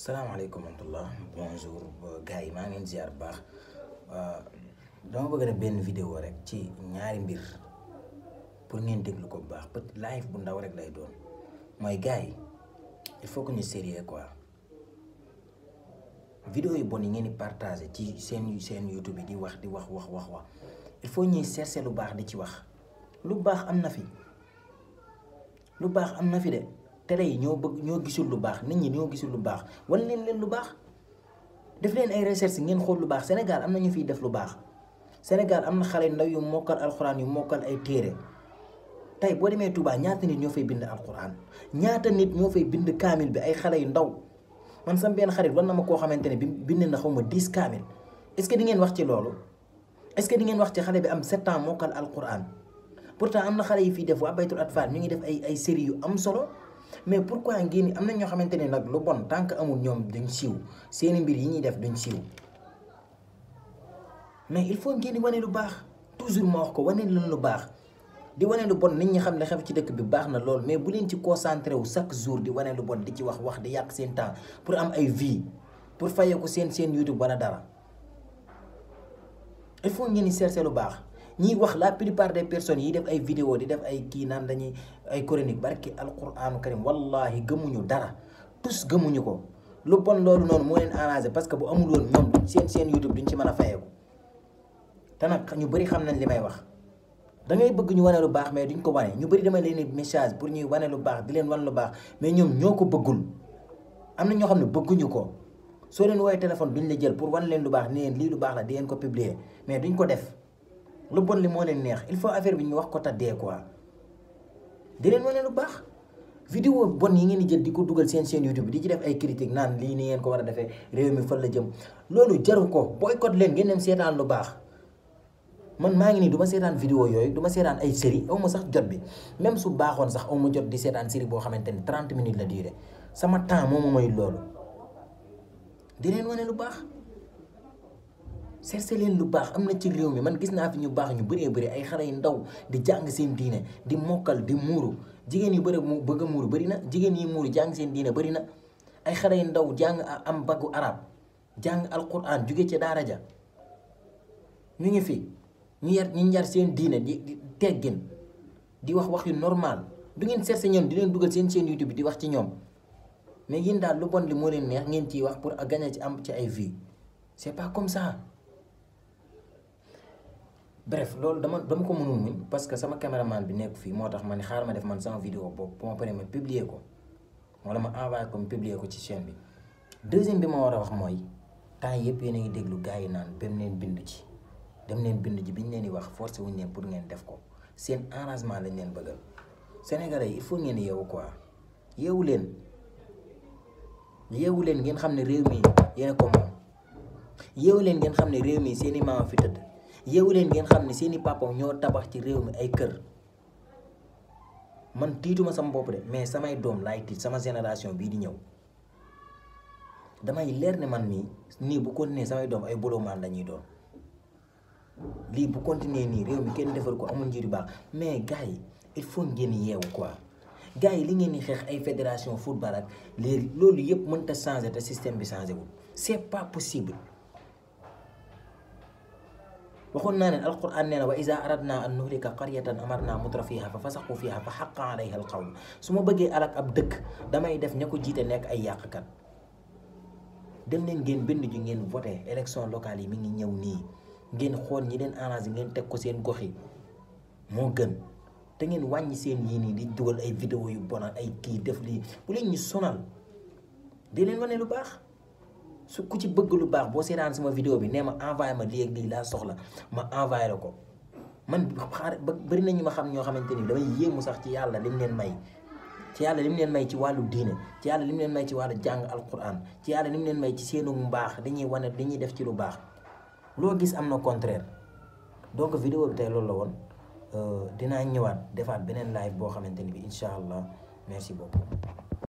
Salam bonjour gars ma ngi ziar bu euh dama une vidéo rek ci ñaari mbir pour ngeen déglu ko live bu ndaw rek lay doon il faut que soyons sérieux quoi. vidéo yi bon ngeen YouTube di wax di wax il faut ñi chercher lu baax di ci wax lu am fi lu am fi tele yi ñoo bëgg ñoo gisul lu baax nit ñi ñoo gisul lu baax wan leen leen lu baax def leen ay recherche ngeen xool lu baax Sénégal am na ñu fiy def lu baax Sénégal am na xale ndaw yu mokkal alxuraan yu mokkal ay téere tey boo demee Touba ñaata nit ñoo fay bind alxuraan ñaata nit ñoo fay bind kaamil bi ay xale yu ndaw man sam benn xarit war na ma koo xamante ne bi bind na xaw ma 10 kaamil est-ce que ngeen wax ci loolu est que di wax ci xale bi am 7 ans mokkal alxuraan pourtant am na xale yi fiy def waa baytul atfal ñu ngi def ay ay série yu am solo mais pourquoi ngeen am na ñoo xamante ne nag lu bon tant amul ñoom duñ siiw seeni mbir yi ñuy def duñ siiw mais il faut ngeen di wane lu baax toujours ma wax ko wane leen lu baax di wane lu bon nit ñi xam ne xew ci dëkk bi baax na lool mais bu leen ci concentré wu chaque jour di wane lu bon di ci wax wax di yàq seen temps pour am ay vie pour fayee ko seen seen YouTube wala dara il faut ngeen di chercher lu baax. ñiy wax la plupart des personnes yi def ay vidéo di def ay kii naan dañuy ay chronique barki alquranu karim wallahi gëmuñu dara tous gëmuñu ko lu bon loolu noonu moo leen arrangé parce que bu amul woon ñoom seen seen YouTube duñ ci mën a fayeeku te nag ñu bari xam nañ li may wax da ngay bëgg ñu wane lu baax mais duñ ko wane ñu bëri dama leen message pour ñuy wane lu baax di leen wan lu baax mais ñoom ñoo ko bëggul am na ñoo xam ne bëgguñu ko soo leen woowee téléphone duñ la pour wan leen lu baax ne leen lii lu baax la di leen ko publier mais duñ ko def lu bon li mo len neex il faut affaire bi ñu wax ko quoi di len woné lu bax vidéo yi ngeen YouTube di ci def ay critique nan, li ni ngeen ko wara a defee mi la jëm jaru ko boycott len ngeen dem lu bax man ma ngi ni duma vidéo yoy duma ay série sax jot bi même su sax jot di série 30 minutes la durée sama temps moma may lolu di len woné lu sersé len lu bax amna ci réew mi man gis na fi ñu bax ñu bëré bëré ay xale ndaw di jang seen diiné di mokal di muru jigéen yi bëré mu bëgg muru bëri na jigéen yi muru jang seen diiné bëri na ay xale yu ndaw jang am bagu arab jang alquran juggé ci daara ja ñu ngi fi ñu yar ñu ñar seen diiné di teggin di wax wax yu normal du ngeen sersé ñom di leen duggal seen seen YouTube di wax ci ñom mais yeen daal lu bon li mo leen neex ngeen ci wax pour gagner ci am ci ay vie c'est pas comme ça bref loolu dama dama ko mënul muñ parce que sama cameraman bi nek fi motax man ma xaar ma def man sama vidéo boobu pour après me publier ko wala ma envoyer ko publier ko ci chaîne bi deuxième bi ma wara wax moy temps yépp yéne ngi déglu gaay yi naan dem bind ci dem leen bind ji bi ñu di wax forcé wuñ leen pour ngeen def ko seen arrangement lañ leen bëggal Sénégalais il faut ngeen yeewu quoi yeewu len. yeewu len ngeen xamné ne réew mi yéen ko mom. yeewu len ngeen xamné ne réew mi seen i fi tëdd yeewu leen ngeen xam ne seeni papa ñoo tabax ci réew mi ay kër man tiituma sama bopp de mais samay sama génération bii di ñëw damay leer ne man ni nii bu continue samay doom ay doon lii bu nii réew mi kenn defar ko amul mais gars il faut ngeen yeewu quoi gars li ngeen di xeex ay fédération football ak léegi loolu changer système bi c'est pas possible waxoon naa ne alquran nee na wa iza aradna an nuhlika qaryatan amarna mutra fiha fa fasaqu fiha fa xaqa alayha alqawl su ma bëggee alak ab dëkk damay def ña ko jiite nekk ay yàqkat dem leen ngeen bind ju ngeen voté élection locale yi mi ngi ñëw nii ngeen xool ñi leen arrangé ngeen teg ko seen gox yi moo gën te ngeen wàññ seen yii nii di dugal ay vidéo yu bon ay kii def lii bu leen ñu sonal di leen wane lu baax su ku ci bëgg lu baax boo seetaan sama vidéo bi nee ma envoyé ma lii ak lii laa soxla ma envoyé ko man xaar ba bëri na ñu ma xam ñoo xamante ni damay yéemu sax ci yàlla lim leen may ci yàlla lim leen may ci wàllu diine ci yàlla lim leen may ci wàllu jàng alquran ci yàlla lim leen may ci seenu mbaax ñuy wane ñuy def ci lu baax loo gis am na contraire donc vidéo bi tey loolu la woon euh, dinaa ñëwaat defaat beneen live boo xamante ni bi incha allah merci beaucoup